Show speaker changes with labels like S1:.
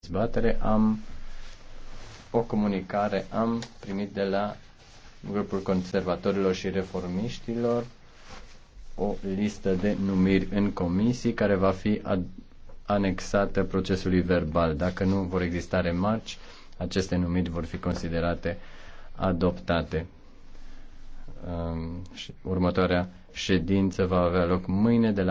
S1: dezbatere am o comunicare am primit de la grupul conservatorilor și reformiștilor o listă de numiri în comisii care va fi anexată procesului verbal. Dacă nu vor exista remarci, aceste numiri vor fi considerate adoptate. Um, următoarea ședință va avea loc mâine
S2: de la